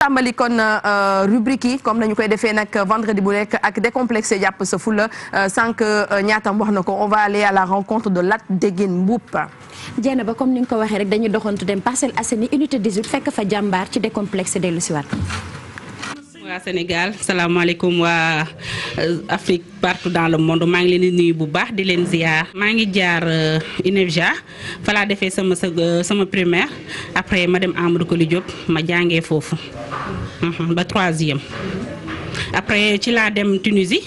tàmbali kon euh, rubrique yi comme nañu koy defee nag vendredi bu nekk ak décomplexé jàpp sa fula euh, sànq ñaatam euh, wax na ko on va aller à la rencontre de Lat Deguen Mboup jenn ba comme ni nga ko waxee rek dañu doxantu dem Parcelles Assainies unité 18 fekk fa jàmbaar ci décomplexé dellu siwaat waa Sénégal salaamaaleykum waa euh, Afrique partout dans le monde maa ngi leen di nuyu bu baax di leen ziar maa ngi jaar UNEFJA euh, fa laa defee sama euh, sama primaire après ma dem Amadou Koli Diop ma jàngee foofu mhm, ba troisième après ci laa dem tunisi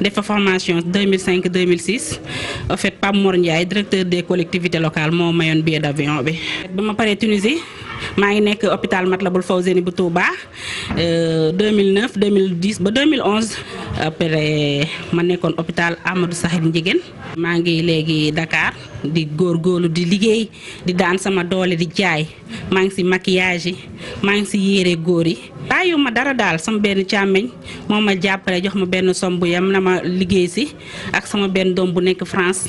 def fa formation 2005 2006 en fait Pape Mor Ndiaye directeur des collectivités locales moo mayoon billet d'avion bi ba ma paree Tunisie maa ngi nekk hôpital Matlaboul Fawzeyni bu Touba 2009 euh, 2010 ba 2011 après ma nekkoon hôpital Amadou Sakhir Ndiéguène maa ngi léegi Dakar di góor góorgóorlu di liggéey di daan sama doole di jaay maa ngi si maquillage yi maa ngi si yére góor yi bàyyu ma dara daal sama benn càmmeñ moo ma jàppale jox ma benn somb yam na ma liggéey si ak sama benn doom bu nekk France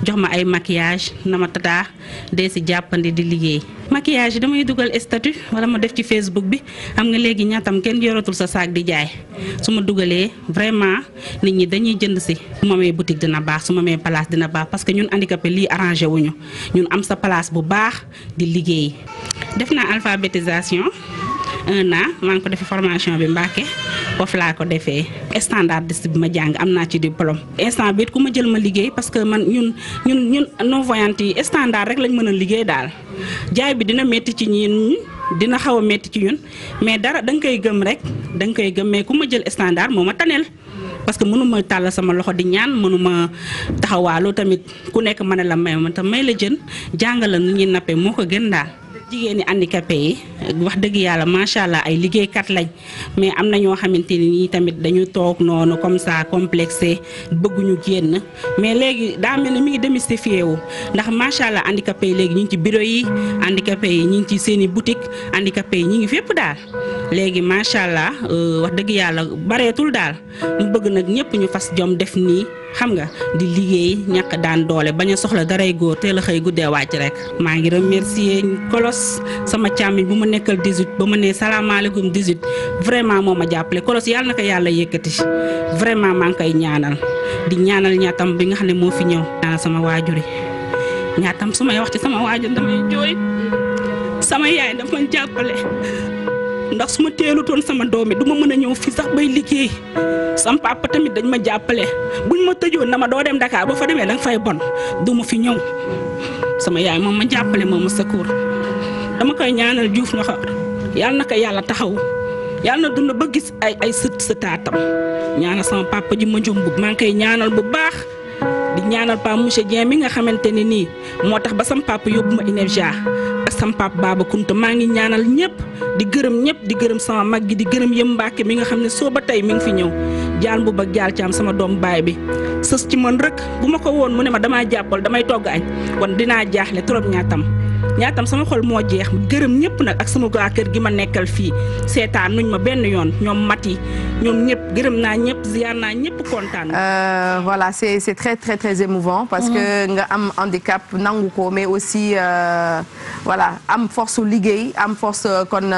jox ma ay maquillage na ma tataa dee si jàppandi di liggéey maquillage yi damay dugal statu wala ma def ci Facebook bi xam nga léegi ñaatam kenn yoratul sa saak di jaay su ma dugalee vraiment nit ñi dañuy jënd si su ma mee dina baax su ma mee place dina baax parce que ñun handicapé lii arrangé wuñu ñun am sa place bu baax di liggéey def naa alphabétisation un an maa ngi ko defee formation bi Mbàkke foofu laa ko defee standardiste bi ma jàng am naa ci diplôme instant bi ku ma jël ma liggéey parce que man ñun ñun ñun non yi standard rek lañ mën a liggéey daal jaay bi dina métti ci ñun dina xaw a métti ci ñun mais dara da nga koy gëm rek da nga koy gëm mais ku ma jël standard moo ma taneel parce que mënu ma tàll sama loxo di ñaan mënuma ma tamit ku nekk mën a la may ma te may la jën jàngal la nu nappee moo ko gën daal jigéeni ñi handicapé yi wax dëgg yàlla macha allah ay liggéeykat lañ mais am na ñoo xamante ni nii tamit dañu toog noonu comme ça complexé bëgguñu génn mais léegi daa mel ni mi ngi démystifié wu ndax macha allah handicapé yi léegi ñu ngi ci bureau yi handicapé yi ñu ngi ci seen i indi handicapé yi ñu ngi fépp daal. léegi macha allah euh, wax dëgg yàlla bareetul daal ñu bëgg nag ñëpp ñu fas jom def nii xam nga di liggéey ñàkk daan doole bañ soxla daray góor teel a xëy guddee wàcc rek. maa ngi remercier kolos sama càmmiñ bu ma nekkal 18 ba ma nee salaamaaleykum 18 vraiment moo ma jàppale kolos yàlla na ko yàlla yëkkati vraiment maa ngi koy ñaanal di ñaanal ñaatam bi nga xam ne moo fi ñëw. ñaanal sama waajur yi ñaatam su may wax ci sama waajur damay jooy sama yaay dafa jàppale. ndax su ma teelutoon sama doom yi du ma mën a ñëw fii sax bay liggéey sam papa tamit dañ ma jàppale buñ ma tëjoon na ma doo dem ndakaar ba fa demee danga fay bon du ma fi ñëw sama yaay moom ma jàppale moom ma secours dama koy ñaanal Diouf Ndakharu yàlla na ko yàlla taxaw yàlla na dund ba gis ay ay sët sëtaatam ñaanal sama papa ji ma jumbu maa ngi koy ñaanal bu baax di ñaanal pa monsieur Dieng mi nga xamante ne nii moo tax ba sama papa yóbbu ma INEFJA ak sam papa maa ngi ñaanal ñëpp. di gërëm ñëpp di gërëm sama mag gi di gërëm yëm Mbàkke mi nga xam ne soo ba tey mi ngi fi ñëw jaan bu ba jaal ci am sama doom baay bi sës ci man rek bu ma ko woon mu ne ma damaa jàppal damay togg añ kon dinaa jaaxle trop ñaatam yaa tam sama xol moo jeex gërëm ñëpp nag ak sama waa kër gi ma nekkal fii seetaan nuñ ma benn yoon ñoom mat yi ñoom ñëpp gërëm naa ñëpp ziar naa ñëpp kontaan. Euh, voilà c' est c' est très très très parce mm. que nga am handicap nangu ko mais aussi euh, voilà am force liggéey am force euh, kon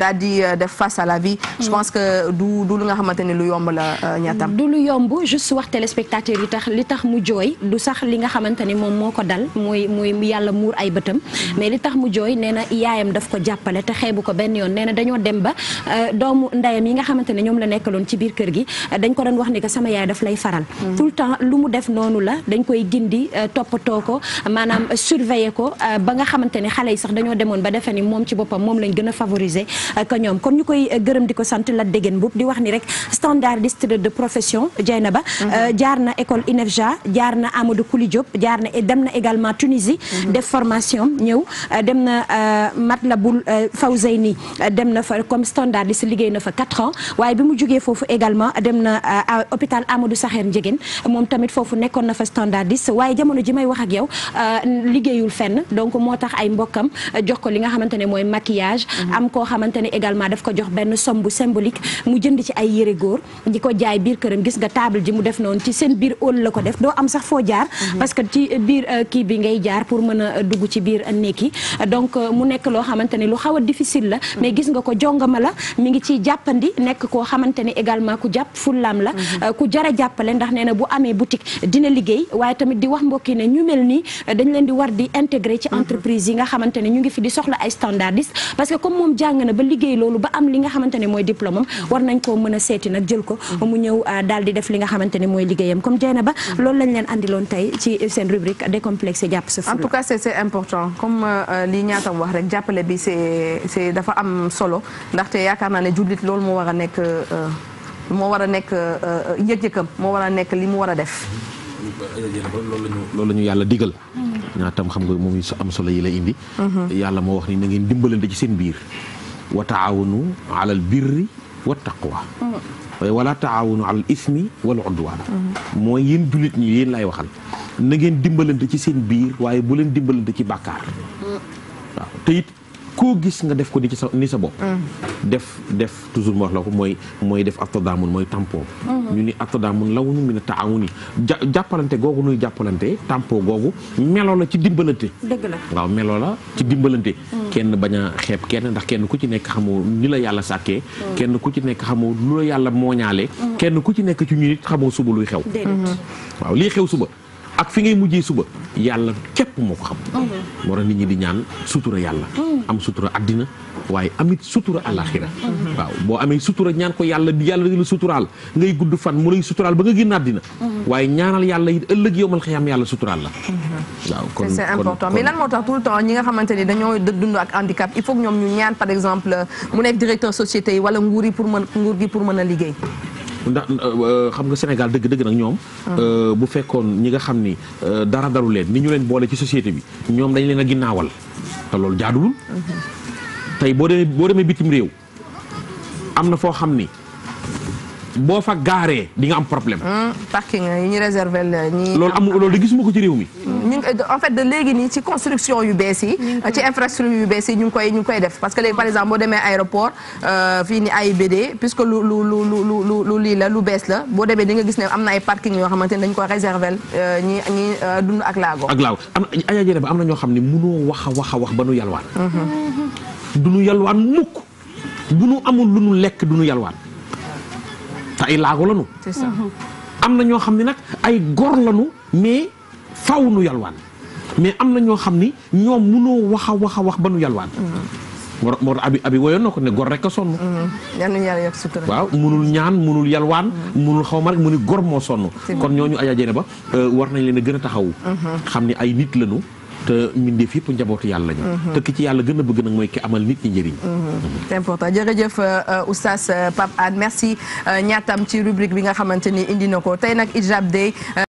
daal di def face à la vie. je mm. pense que du lu nga xamante ne lu yomb la ñaatam. du lu yomb juste wax téléspectateur yi tax li tax mu jooy du sax li nga xamante ne moom moo ko dal mooy mooy yàlla muur ay bëtam. Mm. mais li tax mu jooy nee na yaayam daf ko jàppale te xeebu ko benn yoon nee na dañoo dem ba euh, doomu ndeyam yi nga xamante ne ñoom la nekkaloon ci biir kër gi euh, dañ ko doon wax ni que sama yaay daf lay faral mm. tout le temps lu mu def noonu la dañ koy gindi euh, toppatoo ko maanaam surveiller ko ba nga xamante ne xale yi sax dañoo demoon ba defe ni moom ci boppam moom lañ gën a favoriser que ñoom kon ñu koy gërëm di ko sant la déggen boobu di wax nii rek standardiste de profession Dieynaba mm-hmm. jaar na école INEFJA jaar na Amadou Kouli Diop jaar na dem na également Tunisie mm-hmm. def formation ñëw ñëw euh, dem na euh, Matlabul euh, Fawzayni dem na fa comme standardiste liggéey na fa 4 ans waaye bi mu jógee foofu également dem na hôpital Amadou Sakhir Ndiéguène moom tamit foofu nekkoon na fa standardiste waaye jamono ji may wax ak yow liggéeyul fenn donc moo tax ay mbokkam jox ko li nga xamante ne mooy maquillage mhm. am koo xamante ne également daf ko jox benn somme bu symbolique mu jënd ci ay yére góor di ko jaay biir këram gis nga table ji mu def noonu ci seen biir hall la ko def doo am sax mhm. ci bi technique donc euh, mu nekk loo xamante ne lu xaw a difficile la mm-hmm. mais gis nga ko jongama la mu ngi ciy jàppandi nekk koo xamante ne également ku jàpp fullaam la mm-hmm. euh, ku jar a jàppale ndax nee na bu amee boutique dina liggéey waaye tamit di wax mbokki ne ñu mel nii euh, dañ leen di war di intégrer ci mm-hmm. entreprise yi nga xamante ne ñu ngi fi di soxla ay standardiste parce que comme moom jàng na ba liggéey loolu ba am li nga xamante mooy diplôme am war nañ koo mën a seeti nag jël ko mu ñëw daal di def li nga xamante ne mooy liggéeyam comme Dieynaba loolu lañ leen andiloon tey ci seen rubrique jàpp sa fulla en ma euh, li ñaatam wax rek jàppale bi c'est c'est dafa am solo ndaxte yaakaar naa ne jullit lool moo war a nekk euh, moo war a nekk euh, yëg-yëgam moo war a nekk li mu war a def. loolu la ñu yàlla digal. ñaatam xam nga moom su am solo yi la indi. Mhm. yàlla moo wax ni na ngeen ci seen biir. wa taawanu alal birri wa taqwa. Mhm. waaye taawanu alal ismi wal udwaan. Mhm. mooy yéen jullit ñi yéen laay waxal. na ngeen dimbalante ci seen biir waaye bu leen dimbalante ci bàkkaar waaw te it koo gis nga def ko ni ci sa ni sa bopp def def toujours ma la ko mooy mooy def attadaamun mooy tampon mhm. ñu ni attadaamun law ñu mi ne taawu ni jàppalante googu nuy jàppalante tampon googu meloo la ci dimbalante waaw meloo la ci dimbalante mhm. kenn bañ a xeeb kenn ndax kenn ku ci nekk xamoo ni la yàlla sàkkee mhm. kenn ku ci nekk xamoo lu la yàlla mooñaale kenn ku ci nekk ci ñu nit xamoo suba luy xew waaw lii xew suba ak fi ngay mujjee suba yàlla képp moo ko xam moo tax nit ñi di ñaan sutura yàlla hmm. am sutura àddina waaye amit sutura àllaaxira hmm. waaw boo amee sutura ñaan ko yàlla yàlla di la suturaal ngay gudd fan mu lay suturaal ba nga génn àddina hmm. waaye ñaanal yàlla it ëllëg yow mal yàlla suturaal la mais lan moo tax tout le temps ñi nga xamante ni dañoo dund ak handicap il faut ñoom ñu ñaan par exemple mu nekk directeur société yi wala nguur yi pour mën a ndax euh, xam nga Sénégal dëgg-dëgg nag ñoom. Ah. Euh, bu fekkoon ñi nga xam ni euh, dara daru leen ni ñu leen boole ci société bi ñoom dañ leen a ginnaawal te loolu jaaduwul. Mm-hmm. tey boo demee boo demee bitim réew am na foo xam ni. boo fa gaaree di nga am problème. Ah, parking yi ñu réservé la ñi. loolu amul loolu de gisuma ko ci réew mi. ñu ngi en fait de léegi nii ci construction yu bees yi ci infrastructure yu bees yi ñu ngi koy ñu ngi koy def parce que léegi par exemple boo demee aéroport euh, fii ni ay AIBD puisque lu lu lu lu lu lii la lu bees la boo demee di nga gis ne am na ay parking yoo xamante ne dañ ko réserver euh, ñi ñi euh, dund ak laago ak laago am ajajëre ba am na ñoo xam ne mënoo wax a wax a wax ba nu yalwaan mm-hmm. du nu yalwaan mukk bu nu amul lu nu lekk du nu yalwaan te ay laago lanu mm-hmm. am na ñoo xam ne nag ay gor lanu mais faw nu yalwaan mais am na ñoo xam ni ñoom munoo wax a wax a wax ba nu yalwaan. Mm-hmm. moo moo abi abi woyoon na ko ne gor rek a sonn. Mm-hmm. yal nañu yàlla yokk sutura. waaw munul ñaan munul yalwaan. Mm-hmm. munul xaw ma rek mu ni gor moo sonn. kon ñooñu Adja Dieynaba euh, war nañ leen a gën a taxawu. xam ni ay nit lañu. te mbindeef yëpp njabootu yàlla ñu. te ki ci yàlla gën a bëgg nag mooy ki amal nit ñi njëriñ. c'est important jërëjëf euh, oustaz euh, Pape Anne merci ñaatam ci rubrique bi nga xamante ni indi na ko tey nag Hijab Day.